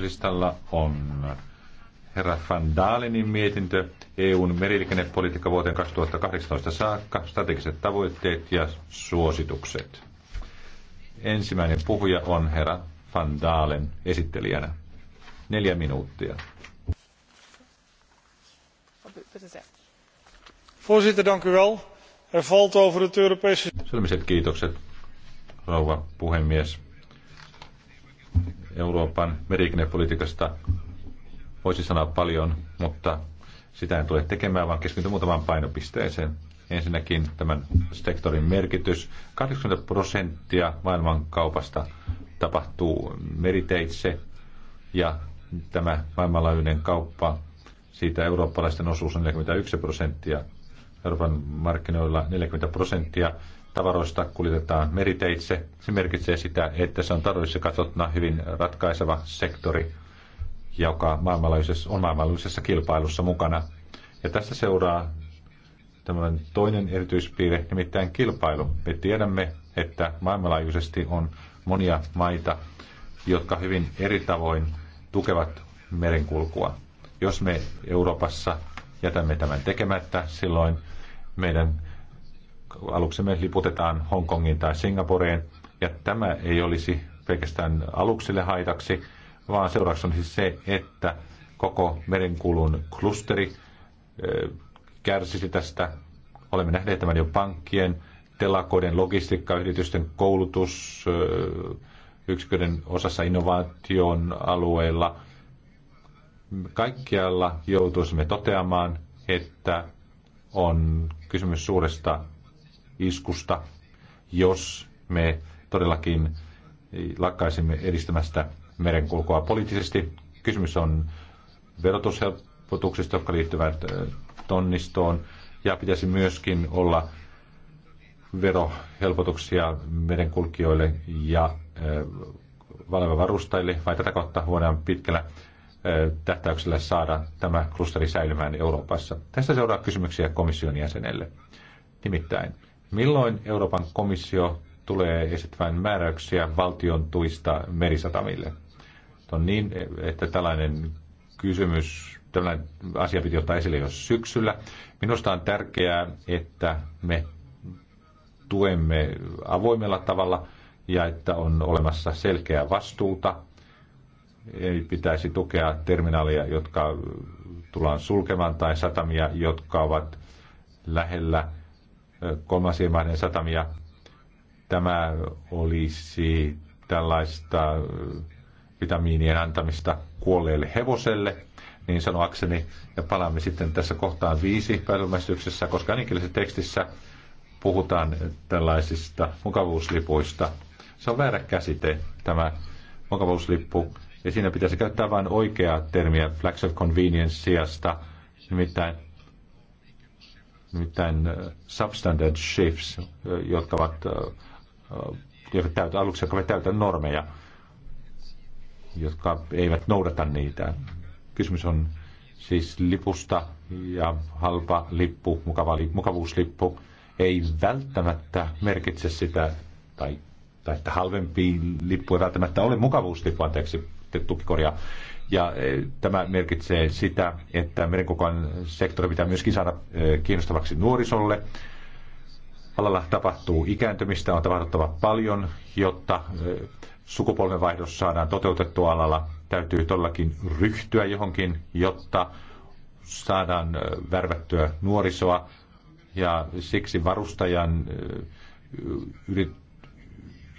listalla on herra Van Dalenin mietintö EUn meriliikennepolitiikka vuoteen 2018 saakka, strategiset tavoitteet ja suositukset. Ensimmäinen puhuja on herra Van Dalen esittelijänä. Neljä minuuttia. Voorzitter, dank u wel. Er valt over het Europese... Sulmiset kiitokset, rouva puhemies Euroopan meriliikennepolitiikasta voisi sanoa paljon, mutta sitä en tule tekemään, vaan keskityn muutamaan painopisteeseen. Ensinnäkin tämän sektorin merkitys. 80 prosenttia maailmankaupasta tapahtuu meriteitse ja tämä maailmanlaajuinen kauppa, siitä eurooppalaisten osuus on 41 prosenttia, Euroopan markkinoilla 40 prosenttia tavaroista kuljetetaan meriteitse. Se merkitsee sitä, että se on taloudellisesti katsottuna hyvin ratkaiseva sektori, joka maailmanlaajuisessa, on maailmanlaajuisessa kilpailussa mukana. Ja tästä seuraa tämmöinen toinen erityispiirre, nimittäin kilpailu. Me tiedämme, että maailmanlaajuisesti on monia maita, jotka hyvin eri tavoin tukevat merenkulkua. Jos me Euroopassa jätämme tämän tekemättä, silloin meidän aluksemme liputetaan Hongkongiin tai Singaporeen, ja tämä ei olisi pelkästään aluksille haitaksi, vaan seuraavaksi on siis se, että koko merenkulun klusteri kärsisi tästä. Olemme nähneet tämän jo pankkien, telakoiden, logistiikkayritysten, koulutus, yksiköiden osassa innovaation alueilla. Kaikkialla joutuisimme toteamaan, että on kysymys suuresta iskusta, jos me todellakin lakkaisimme edistämästä merenkulkua poliittisesti. Kysymys on verotushelpotuksista, jotka liittyvät tonnistoon, ja pitäisi myöskin olla verohelpotuksia merenkulkijoille ja valvevarustajille, vai tätä kautta voidaan pitkällä tähtäyksellä saada tämä klusteri säilymään Euroopassa. Tästä seuraa kysymyksiä komission jäsenelle. Nimittäin, Milloin Euroopan komissio tulee esittämään määräyksiä valtion tuista merisatamille? On niin, että tällainen kysymys, tällainen asia piti ottaa esille jo syksyllä. Minusta on tärkeää, että me tuemme avoimella tavalla ja että on olemassa selkeää vastuuta. Ei pitäisi tukea terminaaleja, jotka tullaan sulkemaan, tai satamia, jotka ovat lähellä kolmansien maiden satamia. Tämä olisi tällaista äh, vitamiinien antamista kuolleelle hevoselle, niin sanoakseni, ja palaamme sitten tässä kohtaan viisi päätelmästyksessä, koska ainakin tekstissä puhutaan tällaisista mukavuuslipuista. Se on väärä käsite, tämä mukavuuslippu, ja siinä pitäisi käyttää vain oikeaa termiä flags of convenience sijasta, nimittäin nimittäin äh, substandard shifts, äh, jotka ovat äh, jotka täytä, aluksi, jotka täytä normeja, jotka eivät noudata niitä. Kysymys on siis lipusta ja halpa lippu, mukava, mukavuuslippu, ei välttämättä merkitse sitä, tai, tai että halvempi lippu ei välttämättä ole mukavuuslippu, anteeksi, tukikorjaa. Ja e, tämä merkitsee sitä, että merenkulkuan sektori pitää myöskin saada e, kiinnostavaksi nuorisolle. Alalla tapahtuu ikääntymistä, on tapahtuttava paljon, jotta e, sukupolvenvaihdos saadaan toteutettua alalla. Täytyy todellakin ryhtyä johonkin, jotta saadaan värvättyä nuorisoa. Ja siksi varustajan yrit,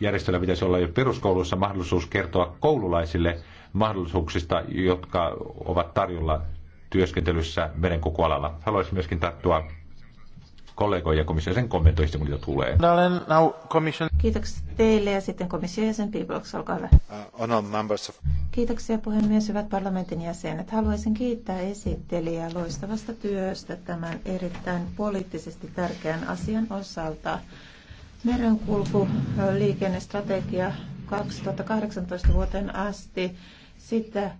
järjestöllä pitäisi olla jo peruskoulussa mahdollisuus kertoa koululaisille – mahdollisuuksista, jotka ovat tarjolla työskentelyssä merenkulkualalla. Haluaisin myöskin tarttua kollegojen ja komission sen kommentoista, mitä tulee. Kiitoksia teille ja sitten komission jäsen Piblox, olkaa hyvä. Uh, Kiitoksia puhemies, hyvät parlamentin jäsenet. Haluaisin kiittää esittelijää loistavasta työstä tämän erittäin poliittisesti tärkeän asian osalta. Merenkulku liikennestrategia 2018 vuoteen asti sitten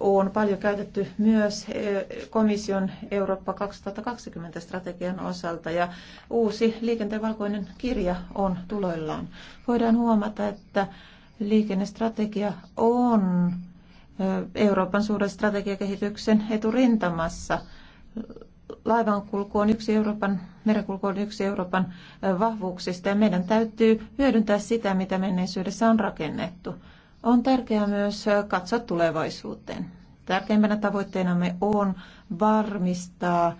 on paljon käytetty myös eh, komission Eurooppa 2020 strategian osalta ja uusi liikenteen valkoinen kirja on tuloillaan. Voidaan huomata, että liikennestrategia on eh, Euroopan suuren strategiakehityksen eturintamassa. Laivankulku on yksi Euroopan, merenkulku on yksi Euroopan eh, vahvuuksista ja meidän täytyy hyödyntää sitä, mitä menneisyydessä on rakennettu. On tärkeää myös katsoa tulevaisuuteen. Tärkeimpänä tavoitteenamme on varmistaa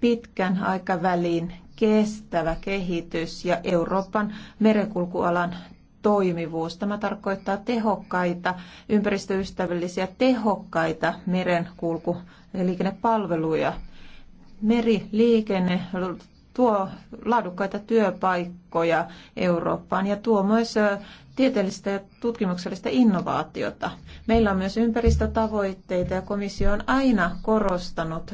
pitkän aikavälin kestävä kehitys ja Euroopan merenkulkualan toimivuus. Tämä tarkoittaa tehokkaita, ympäristöystävällisiä, tehokkaita merenkulku- ja liikennepalveluja. Meriliikenne tuo laadukkaita työpaikkoja Eurooppaan ja tuo myös tieteellistä ja tutkimuksellista innovaatiota. Meillä on myös ympäristötavoitteita ja komissio on aina korostanut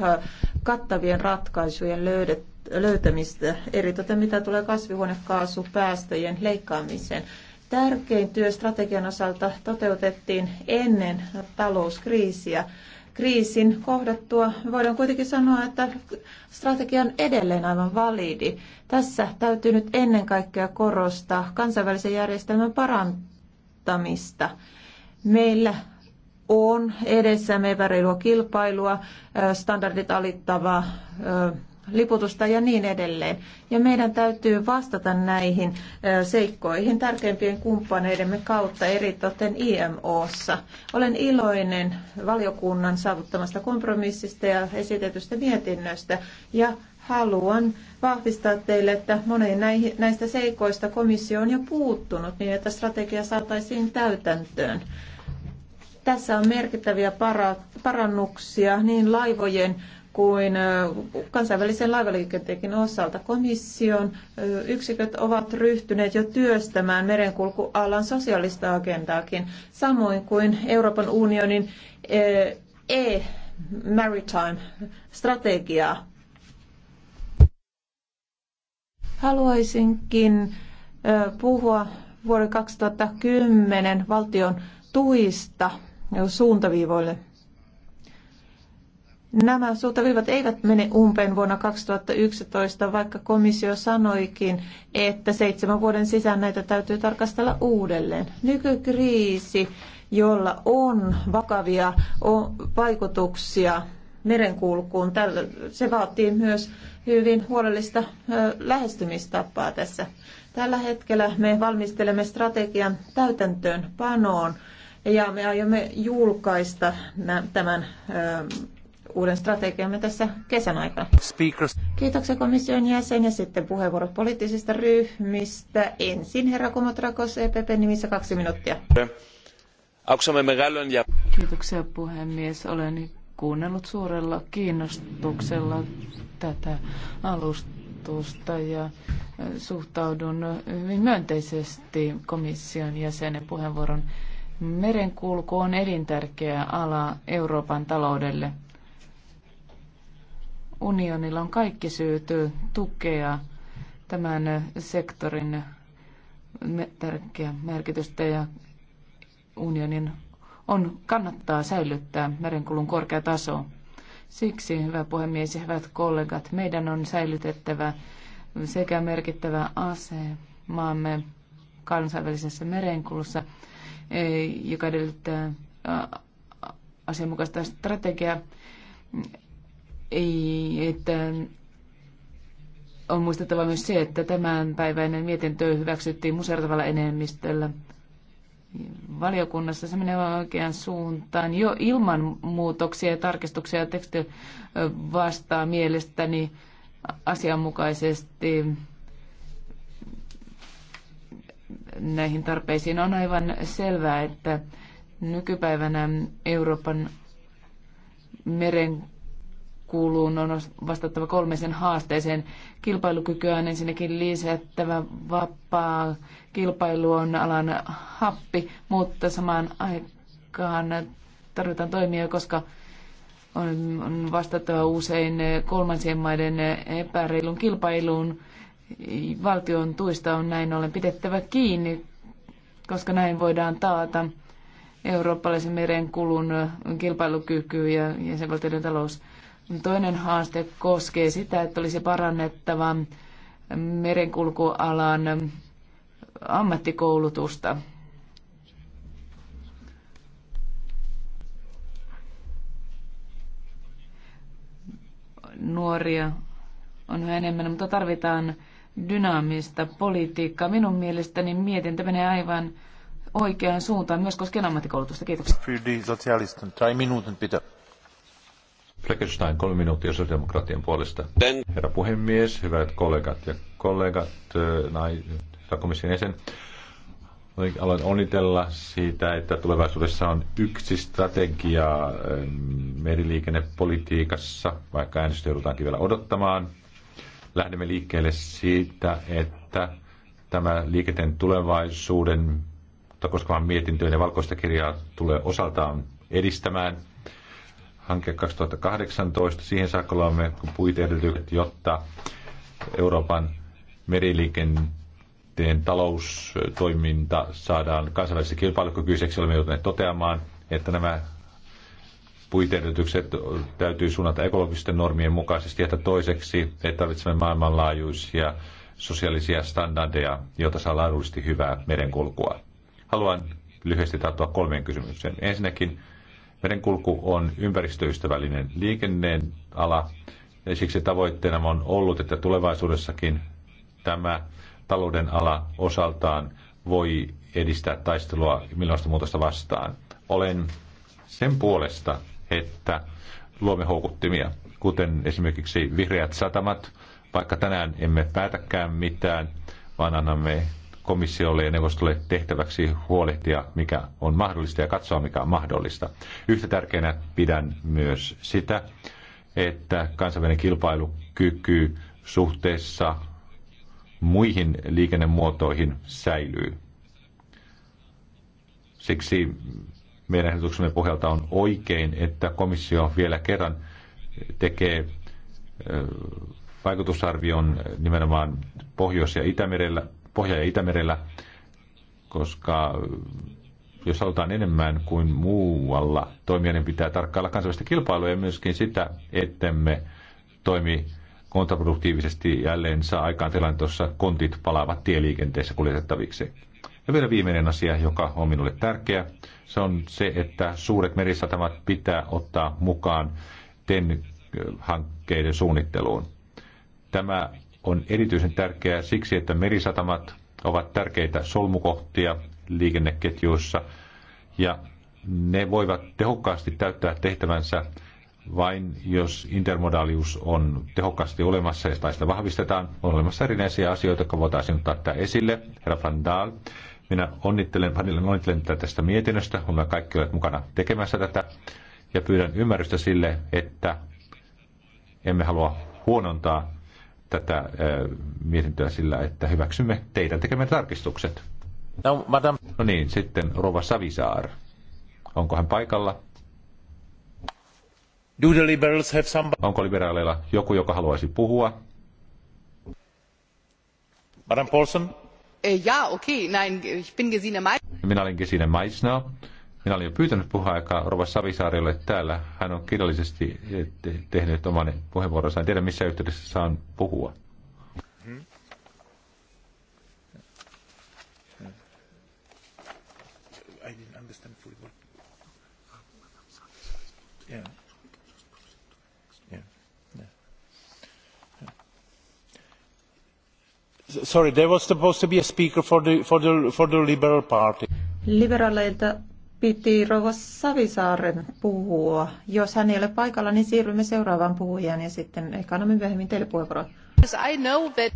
kattavien ratkaisujen löydet, löytämistä, eritoten mitä tulee kasvihuonekaasupäästöjen leikkaamiseen. Tärkein työ strategian osalta toteutettiin ennen talouskriisiä kriisin kohdattua voidaan kuitenkin sanoa, että strategia on edelleen aivan validi. Tässä täytyy nyt ennen kaikkea korostaa kansainvälisen järjestelmän parantamista. Meillä on edessämme epäreilua kilpailua, standardit alittava liputusta ja niin edelleen. Ja meidän täytyy vastata näihin seikkoihin tärkeimpien kumppaneidemme kautta, eritoten IMOssa. Olen iloinen valiokunnan saavuttamasta kompromissista ja esitetystä mietinnöstä ja haluan vahvistaa teille, että moneen näistä seikoista komissio on jo puuttunut niin, että strategia saataisiin täytäntöön. Tässä on merkittäviä parannuksia niin laivojen kuin kansainvälisen laivaliikenteenkin osalta. Komission yksiköt ovat ryhtyneet jo työstämään merenkulkualan sosiaalista agendaakin, samoin kuin Euroopan unionin e-maritime-strategiaa. Haluaisinkin puhua vuoden 2010 valtion tuista suuntaviivoille Nämä suuntaviivat eivät mene umpeen vuonna 2011, vaikka komissio sanoikin, että seitsemän vuoden sisään näitä täytyy tarkastella uudelleen. Nykykriisi, jolla on vakavia vaikutuksia merenkulkuun, se vaatii myös hyvin huolellista lähestymistapaa tässä. Tällä hetkellä me valmistelemme strategian täytäntöönpanoon ja me aiomme julkaista tämän uuden strategiamme tässä kesän aikana. Speakers. Kiitoksia komission jäsen ja sitten puheenvuorot poliittisista ryhmistä. Ensin herra Komotrakos EPP nimissä kaksi minuuttia. Kiitoksia puhemies. Olen kuunnellut suurella kiinnostuksella tätä alustusta ja suhtaudun hyvin myönteisesti komission jäsenen puheenvuoron. Merenkulku on elintärkeä ala Euroopan taloudelle unionilla on kaikki syyt tukea tämän sektorin tärkeä merkitystä ja unionin on kannattaa säilyttää merenkulun korkea taso. Siksi, hyvä puhemies ja hyvät kollegat, meidän on säilytettävä sekä merkittävä maamme kansainvälisessä merenkulussa, e, joka edellyttää asianmukaista strategiaa ei, että on muistettava myös se, että tämänpäiväinen mietintö hyväksyttiin musertavalla enemmistöllä valiokunnassa. Se menee oikeaan suuntaan. Jo ilman muutoksia ja tarkistuksia teksti vastaa mielestäni asianmukaisesti näihin tarpeisiin. On aivan selvää, että nykypäivänä Euroopan meren kuuluu, on vastattava kolmeisen haasteeseen. Kilpailukykyä on ensinnäkin lisättävä vapaa. Kilpailu on alan happi, mutta samaan aikaan tarvitaan toimia, koska on vastattava usein kolmansien maiden epäreilun kilpailuun. Valtion tuista on näin ollen pidettävä kiinni, koska näin voidaan taata eurooppalaisen merenkulun kilpailukyky ja jäsenvaltioiden talous Toinen haaste koskee sitä, että olisi parannettava merenkulkualan ammattikoulutusta. Nuoria on yhä enemmän, mutta tarvitaan dynaamista politiikkaa. Minun mielestäni mietintä menee aivan oikeaan suuntaan myös koskien ammattikoulutusta. Kiitoksia. Fleckenstein, kolme minuuttia sosiaalidemokraattien puolesta. Herra puhemies, hyvät kollegat ja kollegat, nai, komission jäsen, aloin onnitella siitä, että tulevaisuudessa on yksi strategia meriliikennepolitiikassa, vaikka äänestä joudutaankin vielä odottamaan. Lähdemme liikkeelle siitä, että tämä liikenteen tulevaisuuden koskevan mietintöön ja valkoista kirjaa tulee osaltaan edistämään – hanke 2018. Siihen saakka olemme puiteedellytykset, jotta Euroopan meriliikenteen taloustoiminta saadaan kansainvälisessä kilpailukykyiseksi. Olemme joutuneet toteamaan, että nämä puiteedellytykset täytyy suunnata ekologisten normien mukaisesti, että toiseksi, että tarvitsemme maailmanlaajuisia sosiaalisia standardeja, joita saa laadullisesti hyvää merenkulkua. Haluan lyhyesti tarttua kolmeen kysymykseen. Ensinnäkin, Merenkulku on ympäristöystävällinen liikenneen ala ja siksi tavoitteena on ollut, että tulevaisuudessakin tämä talouden ala osaltaan voi edistää taistelua ilmastonmuutosta vastaan. Olen sen puolesta, että luomme houkuttimia, kuten esimerkiksi vihreät satamat, vaikka tänään emme päätäkään mitään, vaan annamme komissiolle ja neuvostolle tehtäväksi huolehtia, mikä on mahdollista ja katsoa, mikä on mahdollista. Yhtä tärkeänä pidän myös sitä, että kansainvälinen kilpailukyky suhteessa muihin liikennemuotoihin säilyy. Siksi meidän ehdotuksemme pohjalta on oikein, että komissio vielä kerran tekee vaikutusarvion nimenomaan Pohjois- ja Itämerellä Pohja- ja Itämerellä, koska jos halutaan enemmän kuin muualla toimia, niin pitää tarkkailla kansainvälistä kilpailua ja myöskin sitä, ettemme toimi kontraproduktiivisesti jälleen saa aikaan tilanne, jossa kontit palaavat tieliikenteessä kuljetettaviksi. Ja vielä viimeinen asia, joka on minulle tärkeä, se on se, että suuret merisatamat pitää ottaa mukaan TEN-hankkeiden suunnitteluun. Tämä on erityisen tärkeää siksi, että merisatamat ovat tärkeitä solmukohtia liikenneketjuissa ja ne voivat tehokkaasti täyttää tehtävänsä vain jos intermodaalius on tehokkaasti olemassa tai sitä vahvistetaan. On olemassa erinäisiä asioita, jotka voitaisiin ottaa tämä esille. Herra Van Daal, minä onnittelen, onnittelen tästä mietinnöstä. me kaikki olet mukana tekemässä tätä ja pyydän ymmärrystä sille, että emme halua huonontaa tätä äh, mietintöä sillä, että hyväksymme teidän tekemät tarkistukset. No, madame. no niin, sitten Rova Savisaar. Onko hän paikalla? Do the liberals have some... Onko liberaaleilla joku, joka haluaisi puhua? Madame Paulson? Äh, ja, okei, okay. nein, ich bin Gesine Meissner. Minä olen Gesine Meissner. Minä olin jo pyytänyt aikaa Rova Savisaariolle täällä. Hän on kirjallisesti eh, tehnyt oman puheenvuoronsa. En tiedä, missä yhteydessä saan puhua. Hmm. I didn't understand fully what... Sorry, there was supposed to be a speaker for the, for the, for the Liberal Party. Liberaaleilta piti Rovo Savisaaren puhua. Jos hän ei ole paikalla, niin siirrymme seuraavaan puhujaan ja sitten ehkä annamme myöhemmin teille puheenvuoron.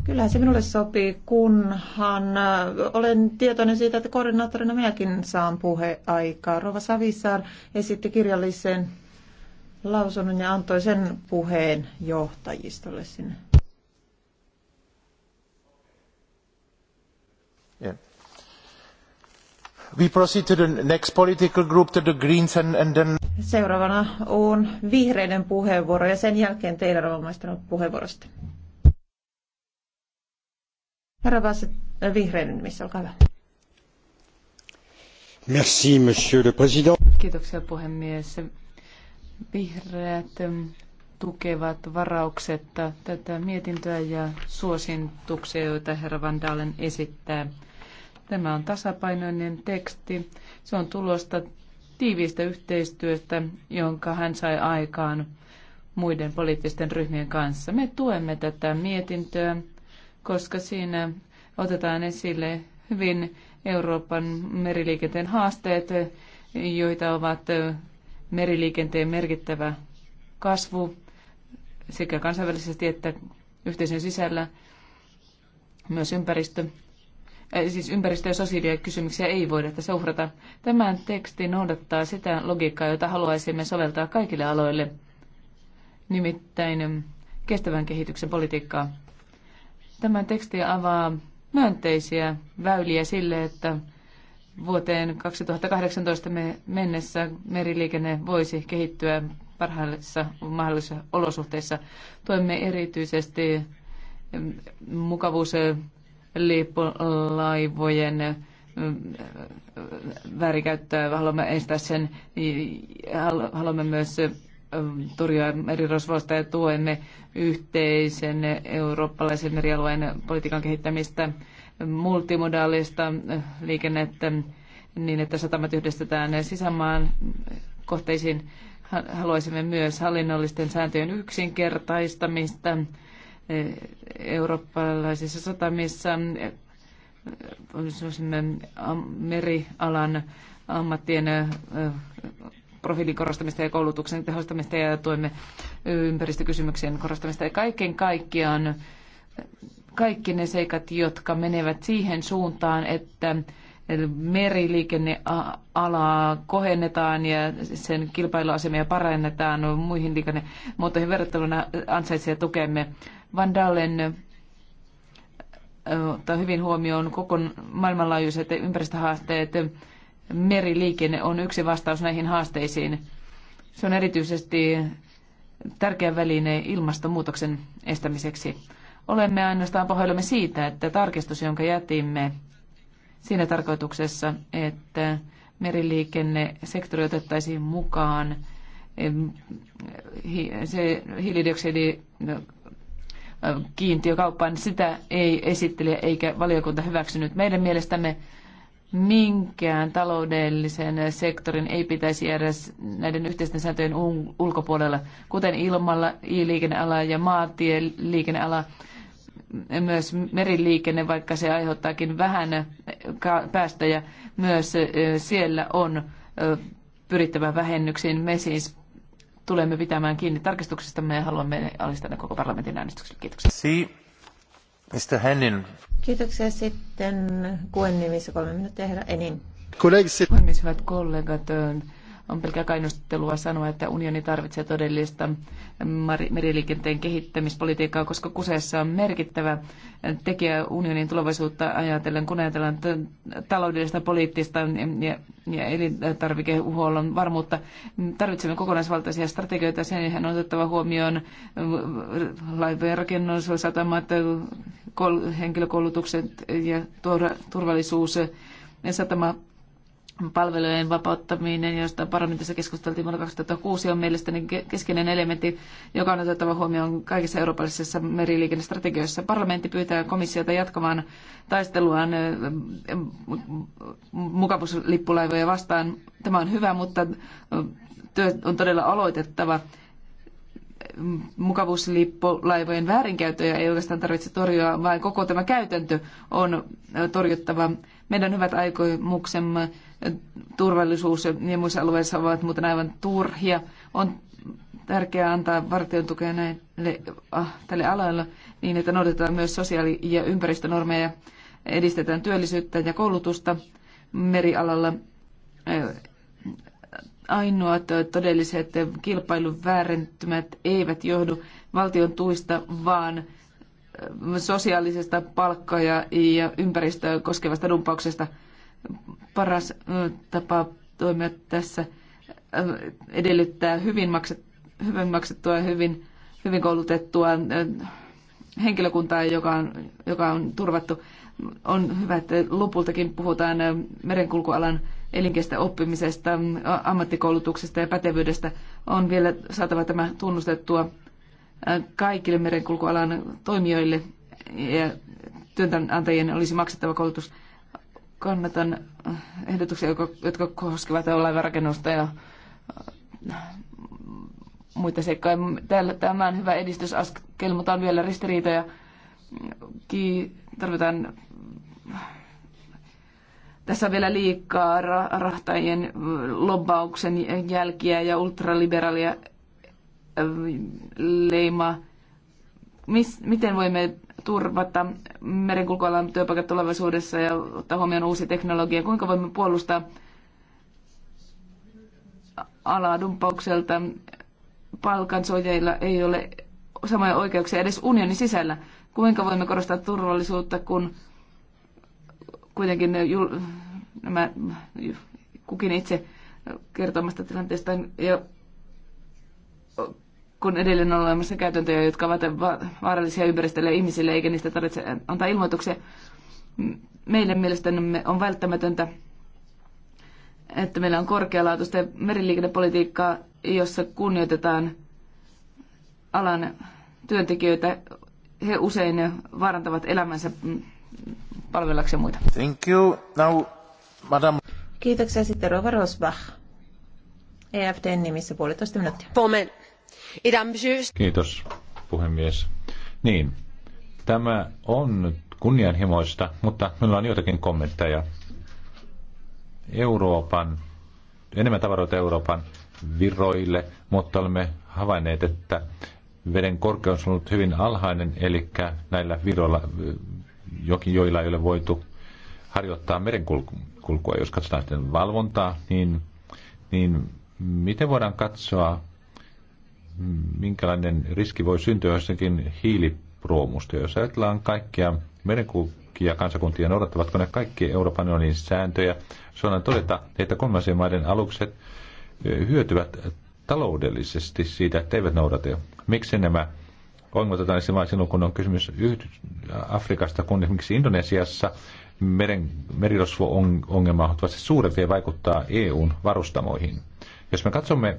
Kyllähän se minulle sopii, kunhan äh, olen tietoinen siitä, että koordinaattorina minäkin saan puheaikaa. Rova Savisaar esitti kirjallisen lausunnon ja antoi sen puheen johtajistolle sinne. Yeah. We proceed to the next political group, to the Greens and, and then... Seuraavana on vihreiden puheenvuoro ja sen jälkeen teidän roomaistanut puheenvuorosta. Herra Vasse, äh, vihreiden nimissä, olkaa hyvä. Merci, monsieur le président. Kiitoksia puhemies. Vihreät ähm, tukevat varauksetta äh, tätä mietintöä ja suosintuksia, joita herra Van Dalen esittää. Tämä on tasapainoinen teksti. Se on tulosta tiiviistä yhteistyöstä, jonka hän sai aikaan muiden poliittisten ryhmien kanssa. Me tuemme tätä mietintöä, koska siinä otetaan esille hyvin Euroopan meriliikenteen haasteet, joita ovat meriliikenteen merkittävä kasvu sekä kansainvälisesti että yhteisön sisällä, myös ympäristö siis ympäristö- ja sosiaalikysymyksiä ei voida tässä uhrata. Tämän teksti noudattaa sitä logiikkaa, jota haluaisimme soveltaa kaikille aloille, nimittäin mm, kestävän kehityksen politiikkaa. Tämä teksti avaa myönteisiä väyliä sille, että vuoteen 2018 mennessä meriliikenne voisi kehittyä parhaissa mahdollisissa olosuhteissa. Toimme erityisesti mm, mukavuus lippulaivojen värikäyttöä. Haluamme estää sen. Haluamme myös torjua merirosvoista ja tuemme yhteisen eurooppalaisen merialueen politiikan kehittämistä, multimodaalista liikennettä niin, että satamat yhdistetään sisämaan kohteisiin. Haluaisimme myös hallinnollisten sääntöjen yksinkertaistamista Eh, eurooppalaisissa satamissa eh, merialan ammattien eh, profiilin korostamista ja koulutuksen tehostamista ja tuemme ympäristökysymyksien korostamista. Ja kaiken kaikkiaan kaikki ne seikat, jotka menevät siihen suuntaan, että meriliikennealaa kohennetaan ja sen kilpailuasemia parannetaan muihin liikennemuotoihin verrattuna ansaitsee tukemme. Van Dallen ottaa hyvin huomioon koko maailmanlaajuiset ympäristöhaasteet. Meriliikenne on yksi vastaus näihin haasteisiin. Se on erityisesti tärkeä väline ilmastonmuutoksen estämiseksi. Olemme ainoastaan pahoillamme siitä, että tarkistus, jonka jätimme siinä tarkoituksessa, että meriliikennesektori otettaisiin mukaan se hiilidioksidi no, kiintiökauppaan, sitä ei esittele eikä valiokunta hyväksynyt. Meidän mielestämme minkään taloudellisen sektorin ei pitäisi jäädä näiden yhteisten sääntöjen ulkopuolella, kuten ilmalla, liikenneala ja maatieliikenneala. liikenneala myös meriliikenne, vaikka se aiheuttaakin vähän päästöjä, myös siellä on pyrittävä vähennyksiin. Me siis tulemme pitämään kiinni tarkistuksista. Me haluamme alistaa ne koko parlamentin äänestykselle. Kiitoksia. Si. Mr. Hennin. Kiitoksia sitten kuen nimissä kolme minuuttia herra Enin. Kollegsi. hyvät kollegat, on pelkää kainostelua sanoa, että unioni tarvitsee todellista meriliikenteen kehittämispolitiikkaa, koska kuseessa on merkittävä tekijä unionin tulevaisuutta ajatellen, kun ajatellaan taloudellista, poliittista ja, ja elintarvikehuollon varmuutta. Tarvitsemme kokonaisvaltaisia strategioita, senhän on otettava huomioon laivojen rakennus, satamat, henkilökoulutukset ja turvallisuus satama palvelujen vapauttaminen, josta parlamentissa keskusteltiin vuonna 2006, on mielestäni keskeinen elementti, joka on otettava huomioon kaikissa eurooppalaisissa meriliikennestrategioissa. Parlamentti pyytää komissiota jatkamaan taisteluaan eh, mukavuuslippulaivoja vastaan. Tämä on hyvä, mutta eh, työ on todella aloitettava mukavuuslippulaivojen väärinkäyttöjä ei oikeastaan tarvitse torjua, vaan koko tämä käytäntö on torjuttava. Meidän hyvät aikomuksemme turvallisuus ja muissa alueissa ovat muuten aivan turhia. On tärkeää antaa vartion tukea näille, ah, tälle alalle niin, että noudatetaan myös sosiaali- ja ympäristönormeja ja edistetään työllisyyttä ja koulutusta merialalla ainoat todelliset kilpailun väärentymät eivät johdu valtion tuista, vaan sosiaalisesta palkkaa ja, ja ympäristöä koskevasta dumpauksesta. Paras tapa toimia tässä edellyttää hyvin, makset, hyvin maksettua ja hyvin, hyvin koulutettua henkilökuntaa, joka on, joka on turvattu. On hyvä, että lopultakin puhutaan merenkulkualan elinkestä oppimisesta, ammattikoulutuksesta ja pätevyydestä on vielä saatava tämä tunnustettua kaikille merenkulkualan toimijoille ja työnantajien olisi maksettava koulutus. Kannatan ehdotuksia, jotka koskevat rakennusta ja muita seikkoja. Tämä on hyvä edistysaskel, mutta on vielä ristiriitoja. Tarvitaan tässä vielä liikkaa rahtajien lobbauksen jälkiä ja ultraliberaalia leimaa. Mis, miten voimme turvata merenkulkualan työpaikat tulevaisuudessa ja ottaa huomioon uusi teknologia? Kuinka voimme puolustaa alaa dumppaukselta? Palkansoijilla ei ole samoja oikeuksia edes unionin sisällä. Kuinka voimme korostaa turvallisuutta, kun kuitenkin jul, nämä, kukin itse kertomasta tilanteesta ja kun edelleen on olemassa käytäntöjä, jotka ovat vaarallisia ympäristölle ja ihmisille, eikä niistä tarvitse antaa ilmoituksia. Meille mielestämme on välttämätöntä, että meillä on korkealaatuista meriliikennepolitiikkaa, jossa kunnioitetaan alan työntekijöitä. He usein vaarantavat elämänsä palvellakseen muita. Thank you. Now, madam. Kiitoksia sitten Rova Rosbach. eftn nimissä puolitoista minuuttia. Pomen. Kiitos, puhemies. Niin, tämä on kunnianhimoista, mutta meillä on joitakin kommentteja. Euroopan, enemmän tavaroita Euroopan viroille, mutta olemme havainneet, että veden korkeus on ollut hyvin alhainen, eli näillä viroilla jokin, joilla ei ole voitu harjoittaa merenkulkua. Jos katsotaan sitten valvontaa, niin, niin miten voidaan katsoa, minkälainen riski voi syntyä jossakin hiilipruomusta. Jos ajatellaan kaikkia merenkulkia kansakuntia, noudattavatko ne kaikki Euroopan unionin sääntöjä, saadaan todeta, että kolmansien maiden alukset eh, hyötyvät taloudellisesti siitä, että eivät noudata. Miksi nämä ongelmat otetaan vain silloin, kun on kysymys Afrikasta, kun esimerkiksi Indonesiassa meren, merirosvo-ongelma on huomattavasti suurempi ja vaikuttaa EUn varustamoihin. Jos me katsomme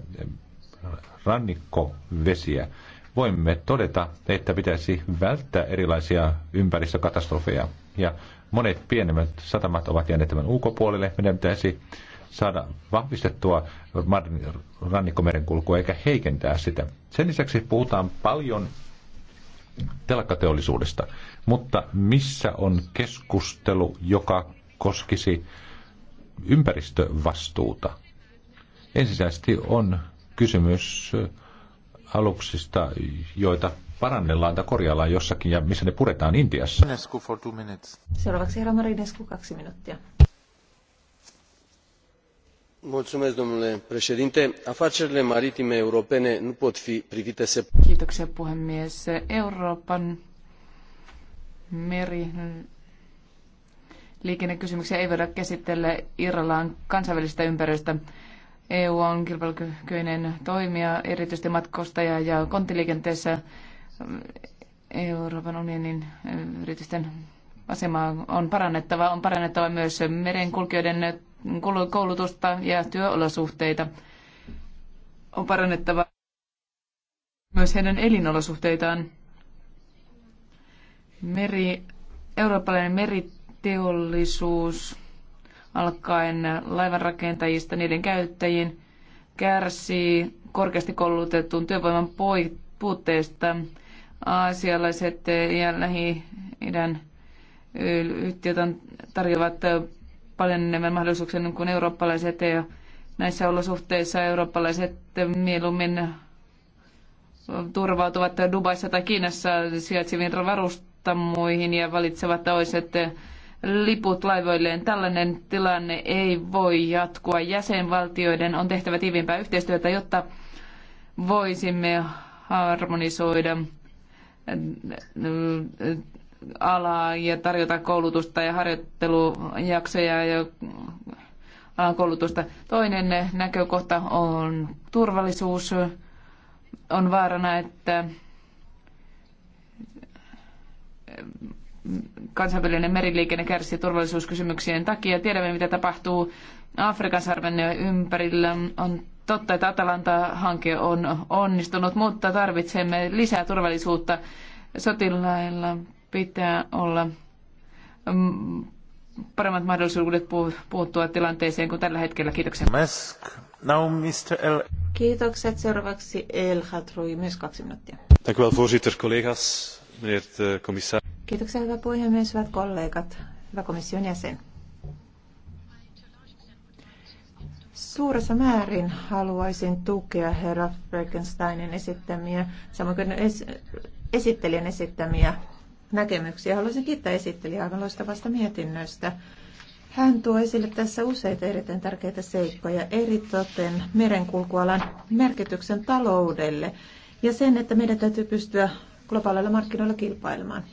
rannikkovesiä, voimme todeta, että pitäisi välttää erilaisia ympäristökatastrofeja. Ja monet pienemmät satamat ovat jääneet tämän ulkopuolelle. Meidän pitäisi saada vahvistettua rannikkomeren kulkua eikä heikentää sitä. Sen lisäksi puhutaan paljon telakkateollisuudesta. Mutta missä on keskustelu, joka koskisi ympäristövastuuta? Ensisijaisesti on kysymys äh, aluksista, joita parannellaan tai korjaillaan jossakin ja missä ne puretaan Intiassa. Seuraavaksi herra Marinescu, kaksi minuuttia afacerile maritime europene nu pot fi privite separat. Euroopan meri liikennekysymyksiä ei voida käsitellä kansainvälistä EU on kilpailukykyinen toimija erityisesti matkustaja- ja konttiliikenteessä. Euroopan unionin äh, yritysten asemaa on parannettava. On parannettava myös merenkulkijoiden koulutusta ja työolosuhteita. On parannettava myös heidän elinolosuhteitaan. Meri, eurooppalainen meriteollisuus alkaen laivanrakentajista niiden käyttäjiin kärsii korkeasti koulutetun työvoiman puutteesta. Aasialaiset ja lähi-idän yhtiöt tarjoavat paljon enemmän mahdollisuuksia kuin eurooppalaiset ja näissä olosuhteissa eurooppalaiset mieluummin turvautuvat Dubaissa tai Kiinassa sijaitseviin varustamoihin ja valitsevat toiset liput laivoilleen. Tällainen tilanne ei voi jatkua. Jäsenvaltioiden on tehtävä tiiviimpää yhteistyötä, jotta voisimme harmonisoida alaa ja tarjota koulutusta ja harjoittelujaksoja ja alan koulutusta. Toinen näkökohta on turvallisuus. On vaarana, että kansainvälinen meriliikenne kärsii turvallisuuskysymyksien takia. Tiedämme, mitä tapahtuu Afrikan sarven ympärillä. On totta, että Atalanta-hanke on onnistunut, mutta tarvitsemme lisää turvallisuutta sotilailla pitää olla mm, paremmat mahdollisuudet puuttua tilanteeseen kuin tällä hetkellä. Kiitoksia. Now, Mr. El... Kiitokset. Seuraavaksi El Hatrui, myös kaksi minuuttia. Dank u wel, voorzitter, collega's, meneer de commissaris. Kiitoksia, hyvä puhemies, hyvät kollegat, hyvä komission jäsen. Suuressa määrin haluaisin tukea herra Frankensteinin esittämiä, samoin kuin esittelijän esittämiä näkemyksiä. Haluaisin kiittää esittelijää aivan loistavasta mietinnöstä. Hän tuo esille tässä useita erittäin tärkeitä seikkoja, eritoten merenkulkualan merkityksen taloudelle ja sen, että meidän täytyy pystyä globaaleilla markkinoilla kilpailemaan.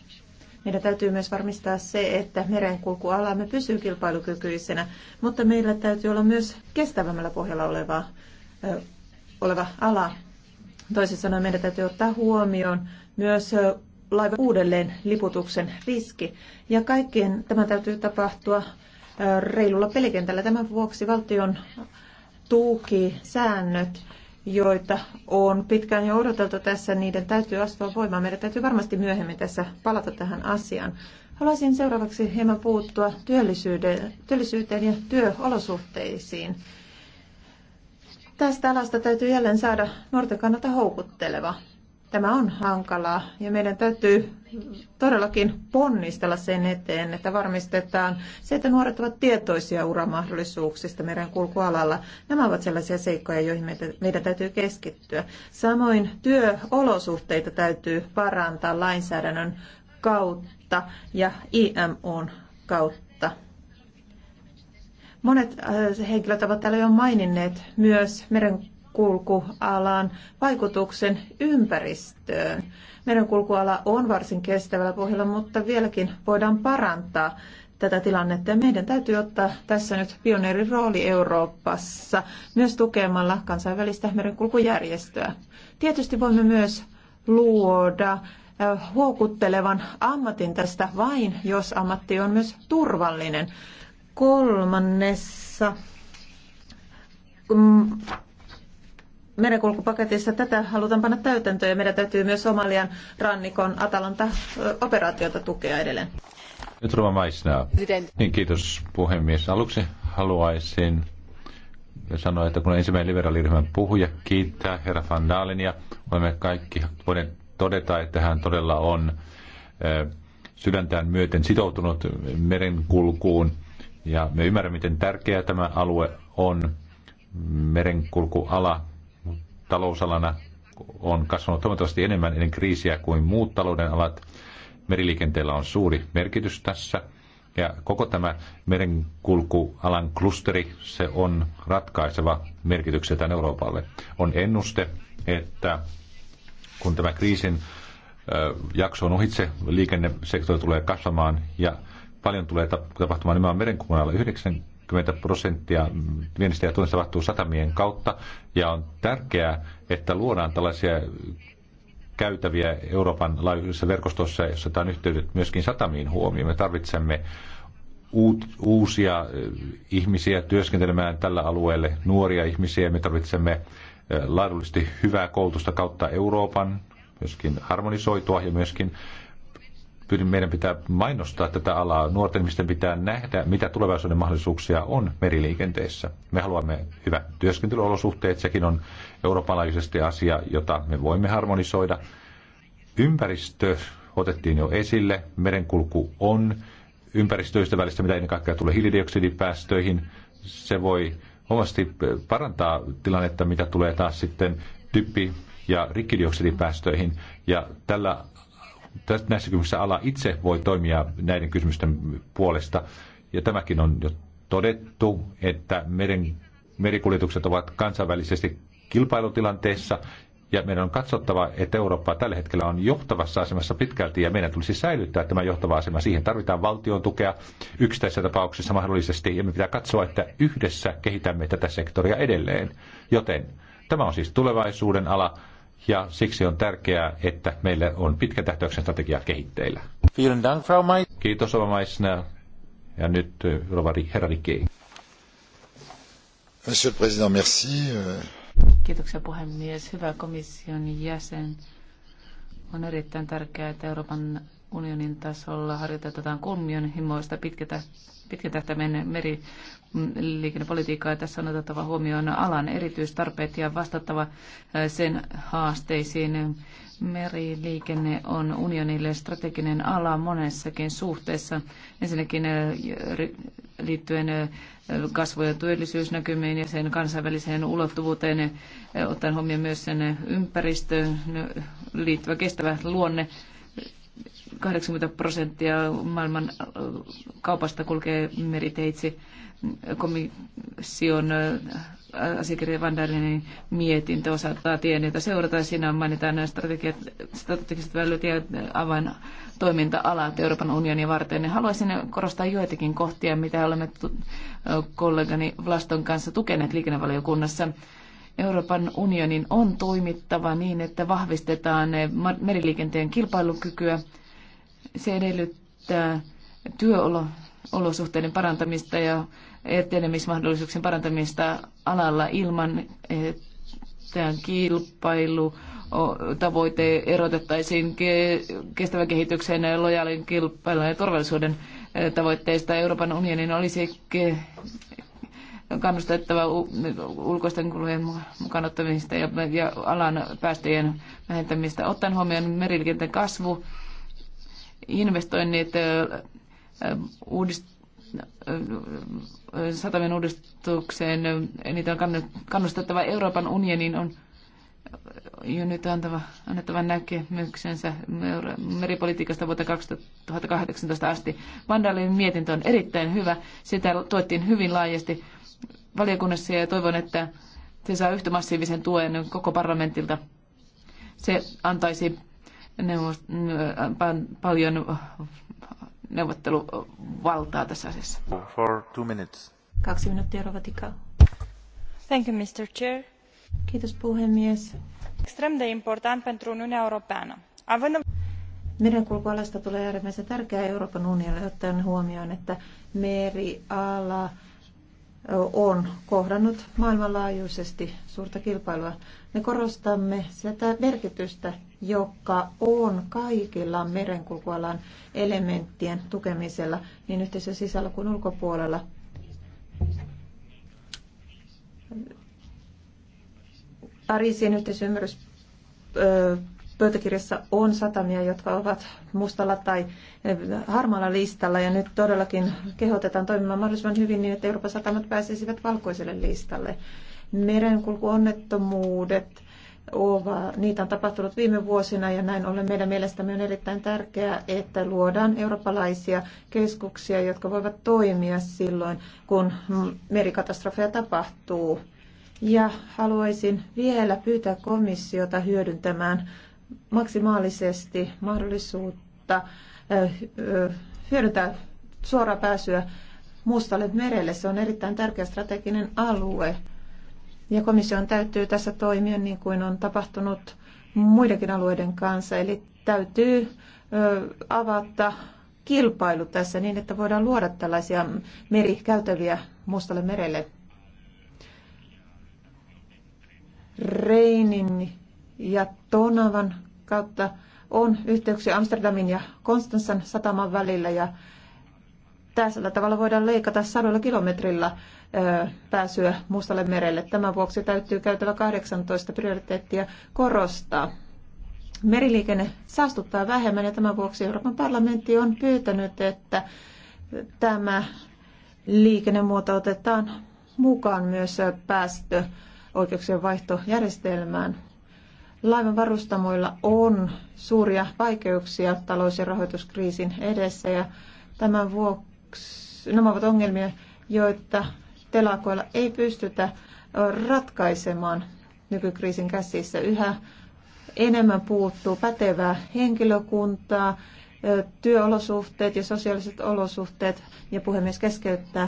Meidän täytyy myös varmistaa se, että merenkulkualamme pysyy kilpailukykyisenä, mutta meillä täytyy olla myös kestävämmällä pohjalla oleva, ö, oleva ala. Toisin sanoen meidän täytyy ottaa huomioon myös laiva uudelleen liputuksen riski. Ja kaikkien tämä täytyy tapahtua reilulla pelikentällä. Tämän vuoksi valtion tuukisäännöt, joita on pitkään jo odoteltu tässä, niiden täytyy astua voimaan. Meidän täytyy varmasti myöhemmin tässä palata tähän asiaan. Haluaisin seuraavaksi hieman puuttua työllisyyteen, työllisyyteen ja työolosuhteisiin. Tästä alasta täytyy jälleen saada nuorten kannalta houkutteleva. Tämä on hankalaa ja meidän täytyy todellakin ponnistella sen eteen, että varmistetaan se, että nuoret ovat tietoisia uramahdollisuuksista meidän kulkualalla. Nämä ovat sellaisia seikkoja, joihin meidän täytyy keskittyä. Samoin työolosuhteita täytyy parantaa lainsäädännön kautta ja IMOn kautta. Monet äh, henkilöt ovat täällä jo maininneet myös meidän merenkulkualan vaikutuksen ympäristöön. Merenkulkuala on varsin kestävällä pohjalla, mutta vieläkin voidaan parantaa tätä tilannetta. Ja meidän täytyy ottaa tässä nyt pioneerin rooli Euroopassa myös tukemalla kansainvälistä merenkulkujärjestöä. Tietysti voimme myös luoda huokuttelevan ammatin tästä vain, jos ammatti on myös turvallinen. Kolmannessa mm, merenkulkupaketissa tätä halutaan panna täytäntöön ja meidän täytyy myös Somalian rannikon Atalanta-operaatiota tukea edelleen. Nyt Maisnaa. Niin, kiitos puhemies. Aluksi haluaisin sanoa, että kun ensimmäinen liberaaliryhmän puhuja kiittää herra Van Dalen ja olemme kaikki voineet todeta, että hän todella on sydäntään myöten sitoutunut merenkulkuun ja me ymmärrämme, miten tärkeä tämä alue on merenkulkuala talousalana on kasvanut huomattavasti enemmän ennen kriisiä kuin muut talouden alat. Meriliikenteellä on suuri merkitys tässä. Ja koko tämä merenkulkualan klusteri, se on ratkaiseva merkityksetä Euroopalle. On ennuste, että kun tämä kriisin jakso on ohitse, liikennesektori tulee kasvamaan ja paljon tulee tapahtumaan nimenomaan merenkulkualalla. 9, 90 prosenttia viennistä ja tuonnista tapahtuu satamien kautta. Ja on tärkeää, että luodaan tällaisia käytäviä Euroopan laajuisessa verkostossa, jossa tämä on yhteydet myöskin satamiin huomioon. Me tarvitsemme uut, uusia eh, ihmisiä työskentelemään tällä alueelle, nuoria ihmisiä. Me tarvitsemme eh, laadullisesti hyvää koulutusta kautta Euroopan, myöskin harmonisoitua ja myöskin meidän pitää mainostaa tätä alaa. Nuorten ihmisten pitää nähdä, mitä tulevaisuuden mahdollisuuksia on meriliikenteessä. Me haluamme hyvät työskentelyolosuhteet. Sekin on Euroopan laajuisesti asia, jota me voimme harmonisoida. Ympäristö otettiin jo esille. Merenkulku on ympäristöystävällistä, mitä ennen kaikkea tulee hiilidioksidipäästöihin. Se voi omasti parantaa tilannetta, mitä tulee taas sitten typpi- ja rikkidioksidipäästöihin. Ja tällä näissä kysymyksissä ala itse voi toimia näiden kysymysten puolesta. Ja tämäkin on jo todettu, että meren, merikuljetukset ovat kansainvälisesti kilpailutilanteessa ja meidän on katsottava, että Eurooppa tällä hetkellä on johtavassa asemassa pitkälti ja meidän tulisi säilyttää tämä johtava asema. Siihen tarvitaan valtion tukea yksittäisessä tapauksessa mahdollisesti ja me pitää katsoa, että yhdessä kehitämme tätä sektoria edelleen. Joten tämä on siis tulevaisuuden ala ja siksi on tärkeää, että meillä on pitkä tähtäyksen strategia kehitteillä. Dank, Frau Kiitos, Oma Meissner. Ja nyt eh, rovari herra Rikki. Monsieur le Président, merci. Euh. Kiitoksia puhemies. Hyvä komission jäsen. On erittäin tärkeää, että Euroopan unionin tasolla harjoitetaan kunnianhimoista pitkätä, pitkätähtäimen meri liikennepolitiikkaa. Tässä on otettava huomioon alan erityistarpeet ja vastattava sen haasteisiin. Meriliikenne on unionille strateginen ala monessakin suhteessa. Ensinnäkin liittyen kasvu- ja työllisyysnäkymiin ja sen kansainväliseen ulottuvuuteen, ottaen huomioon myös sen ympäristöön liittyvä kestävä luonne 80 prosenttia maailman äh, kaupasta kulkee meriteitse. Komission äh, asiakirja Vandalinin mietintö osataa tien, jota seurataan. Siinä mainitaan nämä strategiat, strategiset väylät ja äh, avain toiminta-alat Euroopan unionin varten. haluaisin korostaa joitakin kohtia, mitä olemme kollegani Vlaston kanssa tukeneet liikennevaliokunnassa. Euroopan unionin on toimittava niin, että vahvistetaan meriliikenteen kilpailukykyä se edellyttää työolosuhteiden parantamista ja etenemismahdollisuuksien parantamista alalla ilman, että kilpailu tavoite erotettaisiin kestävän kehityksen, lojaalin kilpailun ja turvallisuuden e, tavoitteista. Euroopan unionin olisi kannustettava ulkoisten kulujen ottamista ja alan päästöjen vähentämistä. Ottaen huomioon meriliikenteen kasvu, investoinnit uudist- satamien uudistukseen, niitä on kannustettava Euroopan unionin on jo nyt antava, annettava näkemyksensä meripolitiikasta vuotta 2018 asti. Vandalin mietintö on erittäin hyvä. Sitä tuettiin hyvin laajasti valiokunnassa ja toivon, että se saa yhtä massiivisen tuen koko parlamentilta. Se antaisi neuvost- äh, paljon neuvotteluvaltaa tässä asiassa. For two minutes. Kaksi minuuttia, Rovatika. Thank you, Mr. Chair. Kiitos puhemies. Extrem de important pentru Uniunea Europeană. Având Merenkulkualasta tulee äärimmäisen tärkeää Euroopan unionille ottaen huomioon, että meriala on kohdannut maailmanlaajuisesti suurta kilpailua. Me korostamme sitä merkitystä, joka on kaikilla merenkulkualan elementtien tukemisella niin yhteisön sisällä kuin ulkopuolella. Pariisin yhteisymmärrys pöytäkirjassa on satamia, jotka ovat mustalla tai harmaalla listalla. Ja nyt todellakin kehotetaan toimimaan mahdollisimman hyvin niin, että Euroopan satamat pääsisivät valkoiselle listalle. Merenkulkuonnettomuudet Ova niitä on tapahtunut viime vuosina ja näin ollen meidän mielestämme on erittäin tärkeää, että luodaan eurooppalaisia keskuksia, jotka voivat toimia silloin, kun merikatastrofeja tapahtuu. Ja haluaisin vielä pyytää komissiota hyödyntämään maksimaalisesti mahdollisuutta hyödyntää suoraa pääsyä Mustalle merelle. Se on erittäin tärkeä strateginen alue. Ja komission täytyy tässä toimia niin kuin on tapahtunut muidenkin alueiden kanssa, eli täytyy avata kilpailu tässä niin, että voidaan luoda tällaisia merikäytäviä Mustalle merelle. Reinin ja Tonavan kautta on yhteyksiä Amsterdamin ja Konstansan sataman välillä ja tällä tavalla voidaan leikata sadoilla kilometrillä pääsyä Mustalle merelle. Tämän vuoksi täytyy käytävä 18 prioriteettia korostaa. Meriliikenne saastuttaa vähemmän ja tämän vuoksi Euroopan parlamentti on pyytänyt, että tämä liikennemuoto otetaan mukaan myös päästöoikeuksien vaihtojärjestelmään. Laivan varustamoilla on suuria vaikeuksia talous- ja rahoituskriisin edessä ja tämän vuoksi nämä ovat ongelmia, joita telakoilla ei pystytä ratkaisemaan nykykriisin käsissä. Yhä enemmän puuttuu pätevää henkilökuntaa, työolosuhteet ja sosiaaliset olosuhteet ja puhemies keskeyttää.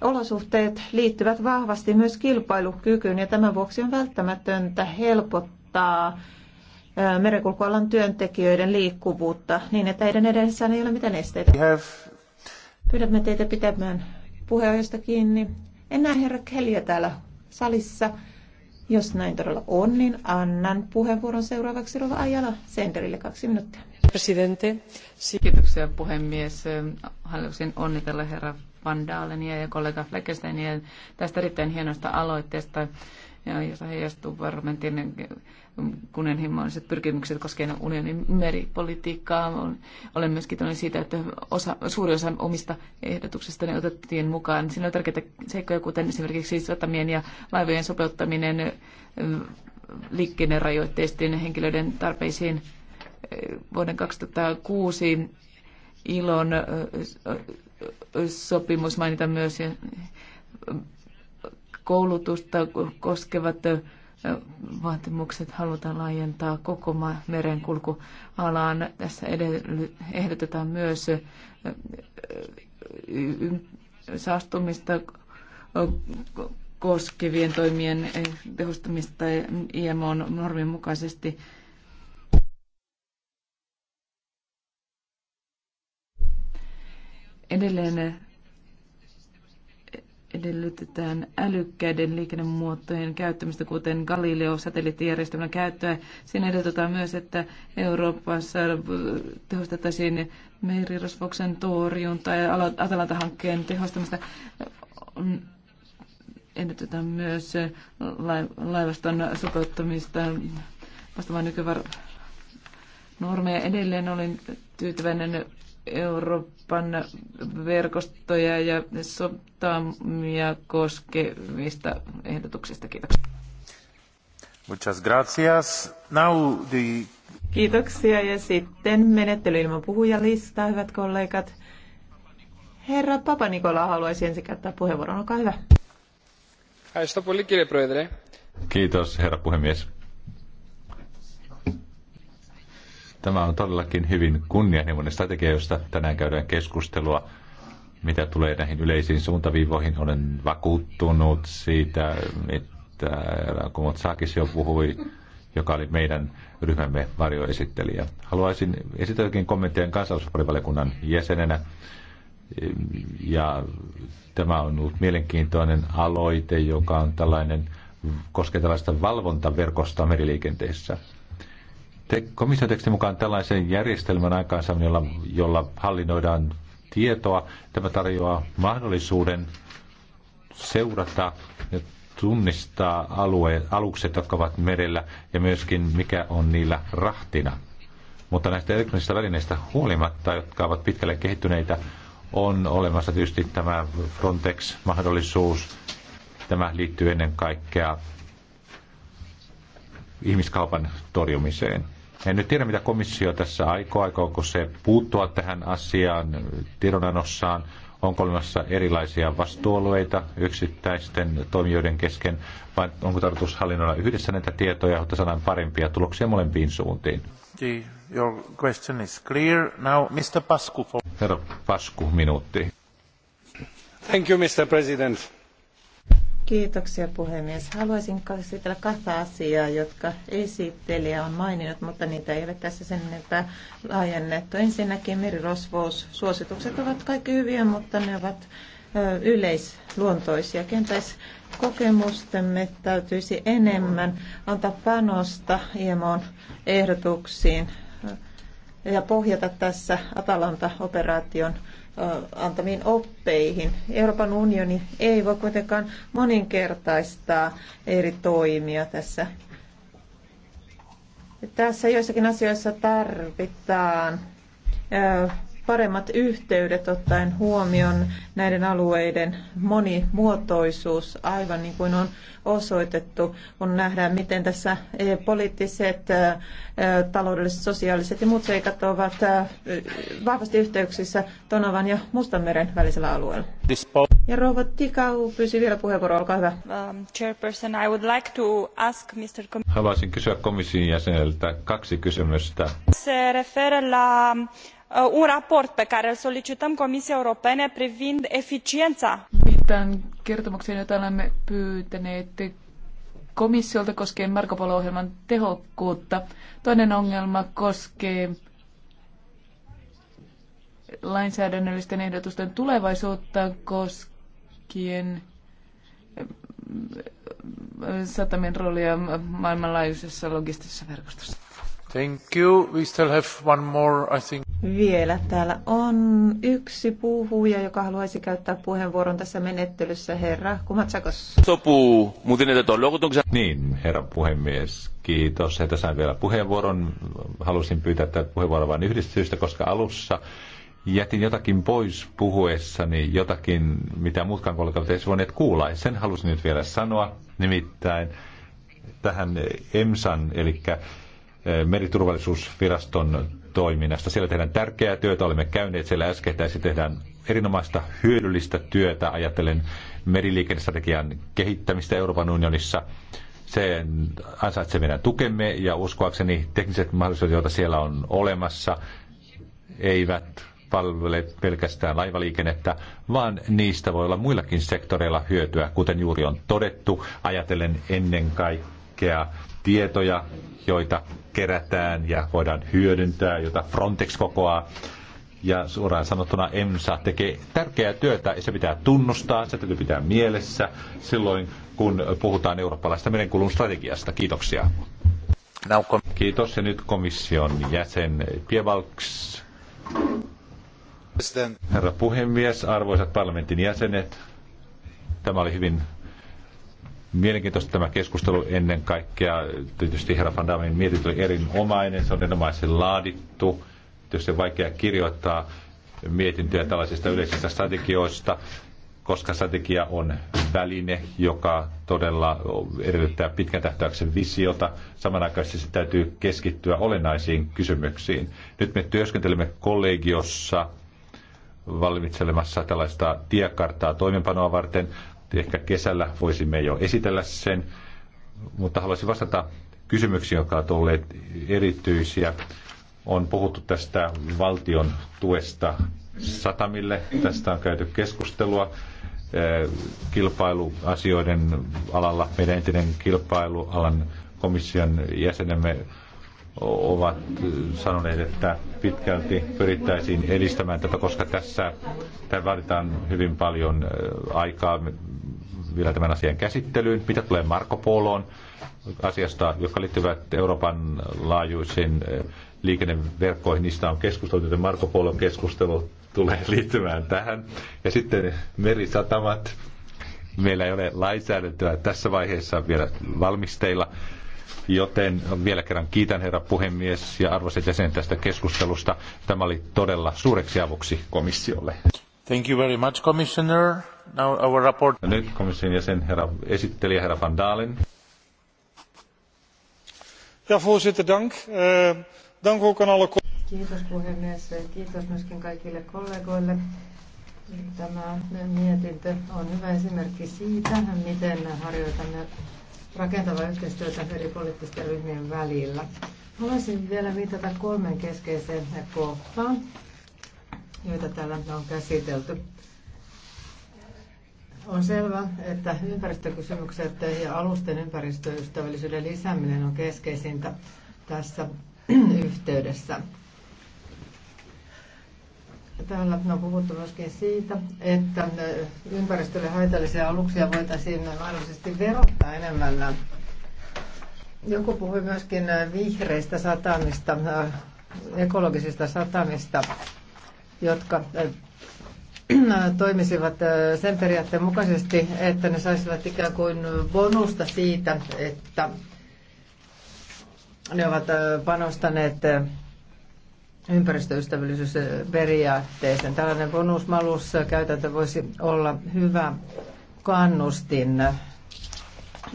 Olosuhteet liittyvät vahvasti myös kilpailukykyyn ja tämän vuoksi on välttämätöntä helpottaa merenkulkualan työntekijöiden liikkuvuutta niin, että heidän edessään ei ole mitään esteitä. Pyydämme teitä pitämään puheenjohtajasta kiinni. En näe herra Kellyä täällä salissa. Jos näin todella on, niin annan puheenvuoron seuraavaksi Rova Ajala Senderille kaksi minuuttia. Presidente. Si- Kiitoksia puhemies. Haluaisin onnitella herra Van Dalenia ja kollega Fleckesteinia tästä erittäin hienosta aloitteesta ja jos heijastuu parlamentin kunnianhimoiset pyrkimykset koskien unionin meripolitiikkaa. Olen myös kiitollinen siitä, että osa, suuri osa omista ehdotuksista ne otettiin mukaan. Siinä on tärkeitä seikkoja, kuten esimerkiksi satamien ja laivojen sopeuttaminen liikennerajoitteisten henkilöiden tarpeisiin vuoden 2006 ilon sopimus mainita myös koulutusta koskevat vaatimukset halutaan laajentaa koko merenkulkualaan. Tässä ehdotetaan myös saastumista koskevien toimien tehostamista IMOn normin mukaisesti. Edelleen edellytetään älykkäiden liikennemuotojen käyttämistä, kuten Galileo-satelliittijärjestelmän käyttöä. Siinä edellytetään myös, että Euroopassa tehostettaisiin merirosvoksen torjuntaa ja Atalanta-hankkeen tehostamista. Edellytetään myös laivaston sopeuttamista vastaamaan nykyvar normeja. Edelleen olin tyytyväinen Euroopan verkostoja ja sotamia koskevista ehdotuksista. Kiitoksia. Muchas gracias. Now the... Kiitoksia ja sitten menettely ilman puhujalistaa, hyvät kollegat. Herra Papa Nikola haluaisi ensin käyttää puheenvuoron, olkaa hyvä. Kiitos, herra puhemies. Tämä on todellakin hyvin kunnianhimoinen strategia, josta tänään käydään keskustelua. Mitä tulee näihin yleisiin suuntaviivoihin, olen vakuuttunut siitä, että Kumot Saakis jo puhui, joka oli meidän ryhmämme varjoesittelijä. Haluaisin esittää jokin kommentteja kansallisuusvalikunnan jäsenenä. Ja tämä on ollut mielenkiintoinen aloite, joka on tällainen, koskee tällaista valvontaverkosta meriliikenteessä. Te, komission mukaan tällaisen järjestelmän aikaansaaminen, jolla, jolla hallinnoidaan tietoa, tämä tarjoaa mahdollisuuden seurata ja tunnistaa alue alukset, jotka ovat merellä ja myöskin mikä on niillä rahtina. Mutta näistä elektronisista välineistä huolimatta, jotka ovat pitkälle kehittyneitä, on olemassa tietysti tämä Frontex-mahdollisuus. Tämä liittyy ennen kaikkea ihmiskaupan torjumiseen. En nyt tiedä, mitä komissio tässä aikoo. Aikooko se puuttua tähän asiaan tiedonannossaan? Onko olemassa erilaisia vastuualueita yksittäisten toimijoiden kesken, vai onko tarkoitus hallinnoida yhdessä näitä tietoja, jotta saadaan parempia tuloksia molempiin suuntiin? The, your question is clear. Now, Mr. Pasku. For... Herra Pasku, minuutti. Thank you, Mr. President Kiitoksia puhemies. Haluaisin käsitellä kahta asiaa, jotka esittelijä on maininnut, mutta niitä ei ole tässä sen enempää laajennettu. Ensinnäkin merirosvous. Suositukset ovat kaikki hyviä, mutta ne ovat yleisluontoisia. Kenties kokemustemme täytyisi enemmän antaa panosta IMOn ehdotuksiin ja pohjata tässä Atalanta-operaation antamiin oppeihin. Euroopan unioni ei voi kuitenkaan moninkertaistaa eri toimia tässä. Tässä joissakin asioissa tarvitaan paremmat yhteydet ottaen huomioon näiden alueiden monimuotoisuus, aivan niin kuin on osoitettu, kun nähdään, miten tässä poliittiset, taloudelliset, sosiaaliset ja muut seikat ovat vahvasti yhteyksissä Tonavan ja Mustanmeren välisellä alueella. Ja rouva Tikau pyysi vielä puheenvuoro, olkaa hyvä. Um, chairperson, I would like to ask Mr. Haluaisin kysyä komission jäseneltä kaksi kysymystä. Se referee la Uh, un raport pe care îl solicităm Comisiei Europene privind eficiența. Viittaan kertomukseen, jota olemme pyytäneet komissiolta koskien Marko Polo-ohjelman tehokkuutta. Toinen ongelma koskee lainsäädännöllisten ehdotusten tulevaisuutta koskien eh, satamien roolia maailmanlaajuisessa logistisessa verkostossa. Thank you. We still have one more, I think. Vielä täällä on yksi puhuja, joka haluaisi käyttää puheenvuoron tässä menettelyssä, herra Kumatsakos. Sopuu, muuten että tuon logo Niin, herra puhemies, kiitos, että sain vielä puheenvuoron. Halusin pyytää tätä puheenvuoroa vain yhdestä syystä, koska alussa jätin jotakin pois puhuessani, jotakin, mitä muutkaan kollegat eivät voineet kuulla. Sen halusin nyt vielä sanoa, nimittäin tähän EMSAN, eli meriturvallisuusviraston toiminnasta. Siellä tehdään tärkeää työtä, olemme käyneet siellä äskettäin, se tehdään erinomaista hyödyllistä työtä, ajatellen meriliikennestrategian kehittämistä Euroopan unionissa. Se ansaitsee meidän tukemme ja uskoakseni tekniset mahdollisuudet, joita siellä on olemassa, eivät palvele pelkästään laivaliikennettä, vaan niistä voi olla muillakin sektoreilla hyötyä, kuten juuri on todettu, ajatellen ennen kaikkea tietoja, joita kerätään ja voidaan hyödyntää, jota Frontex kokoaa. Ja suoraan sanottuna EMSA tekee tärkeää työtä ja se pitää tunnustaa, se täytyy pitää mielessä silloin, kun puhutaan eurooppalaista merenkulun strategiasta. Kiitoksia. Kiitos ja nyt komission jäsen Pievalks. Herra puhemies, arvoisat parlamentin jäsenet, tämä oli hyvin mielenkiintoista tämä keskustelu ennen kaikkea. Tietysti herra Van Damin mietintö oli erinomainen, se on erinomaisen laadittu. Tietysti on vaikea kirjoittaa mietintöjä tällaisista yleisistä strategioista, koska strategia on väline, joka todella edellyttää pitkän tähtäyksen visiota. Samanaikaisesti se täytyy keskittyä olennaisiin kysymyksiin. Nyt me työskentelemme kollegiossa valmitselemassa tällaista tiekarttaa toimenpanoa varten. Ehkä kesällä voisimme jo esitellä sen, mutta haluaisin vastata kysymyksiin, jotka ovat olleet erityisiä. On puhuttu tästä valtion tuesta satamille. Tästä on käyty keskustelua eh, kilpailuasioiden alalla. Meidän entinen kilpailualan komission jäsenemme ovat sanoneet, että pitkälti pyrittäisiin edistämään tätä, koska tässä, vaaditaan hyvin paljon aikaa vielä tämän asian käsittelyyn. Mitä tulee Marko Poloon asiasta, jotka liittyvät Euroopan laajuisiin liikenneverkkoihin, niistä on keskusteltu, joten Marko Polon keskustelu tulee liittymään tähän. Ja sitten merisatamat. Meillä ei ole lainsäädäntöä tässä vaiheessa vielä valmisteilla Joten vielä kerran kiitän herra puhemies ja arvoisat jäsenet tästä keskustelusta. Tämä oli todella suureksi avuksi komissiolle. Thank you very much, Commissioner. Now our report... Ja nyt komission jäsen herra esittelijä herra Van Dalen. Ja, voorzitter, dank. Uh, dank ook aan alle... Kiitos puhemies. Kiitos myöskin kaikille kollegoille. Tämä mietintö on hyvä esimerkki siitä, miten harjoitamme rakentavaa yhteistyötä eri poliittisten ryhmien välillä. Haluaisin vielä viitata kolmen keskeiseen kohtaan, joita täällä on käsitelty. On selvä, että ympäristökysymykset ja alusten ympäristöystävällisyyden lisääminen on keskeisintä tässä yhteydessä. Täällä on puhuttu myöskin siitä, että ympäristölle haitallisia aluksia voitaisiin mahdollisesti verottaa enemmän. Joku puhui myöskin vihreistä satamista, ekologisista satamista, jotka äh, toimisivat äh, sen periaatteen mukaisesti, että ne saisivat ikään kuin bonusta siitä, että ne ovat äh, panostaneet ympäristöystävällisyysperiaatteeseen. Tällainen bonusmalus äh, käytäntö voisi olla hyvä kannustin,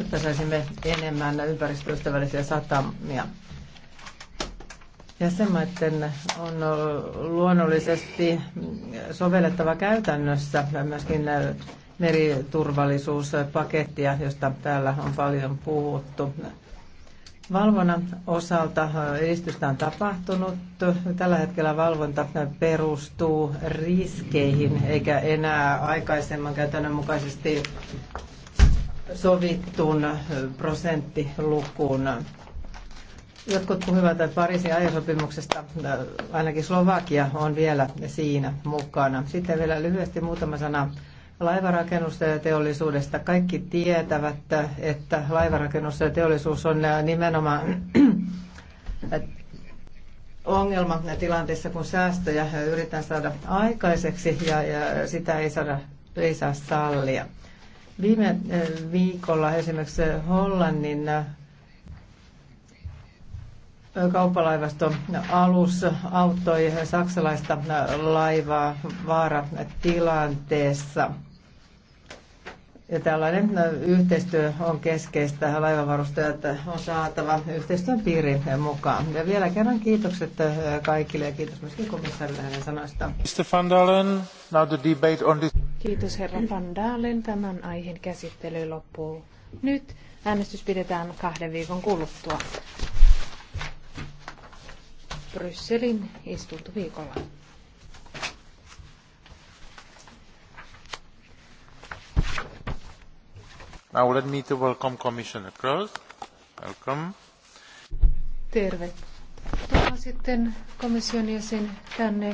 että saisimme enemmän ympäristöystävällisiä satamia. Jäsenmaiden on luonnollisesti sovellettava käytännössä myöskin äh, meriturvallisuuspakettia, josta täällä on paljon puhuttu. Valvonnan osalta edistystä on tapahtunut. Tällä hetkellä valvonta perustuu riskeihin eikä enää aikaisemman käytännön mukaisesti sovittuun prosenttilukuun. Jotkut puhuvat, että Pariisin ajosopimuksesta ainakin Slovakia on vielä siinä mukana. Sitten vielä lyhyesti muutama sana laivarakennusta ja teollisuudesta. Kaikki tietävät, että laivarakennus ja teollisuus on äh, nimenomaan äh, ongelma tilanteessa, kun säästöjä yritetään saada aikaiseksi ja, ja sitä ei, saada, ei saa sallia. Viime äh, viikolla esimerkiksi Hollannin kauppalaivasto alus auttoi saksalaista laivaa vaaratilanteessa. tilanteessa. Ja tällainen no, yhteistyö on keskeistä. Laivavarustajat on saatava yhteistyön piiriin mukaan. Ja vielä kerran kiitokset äh, kaikille ja kiitos myöskin komissaarille hänen sanoistaan. Mr. Van Dalen, debate on this... Kiitos herra Van Dalen. Tämän aiheen käsittely loppuu nyt. Äänestys pidetään kahden viikon kuluttua. Brysselin istuntoviikolla. Now let me to welcome Commissioner Welcome. Tervetuloa sitten komission jäsen tänne.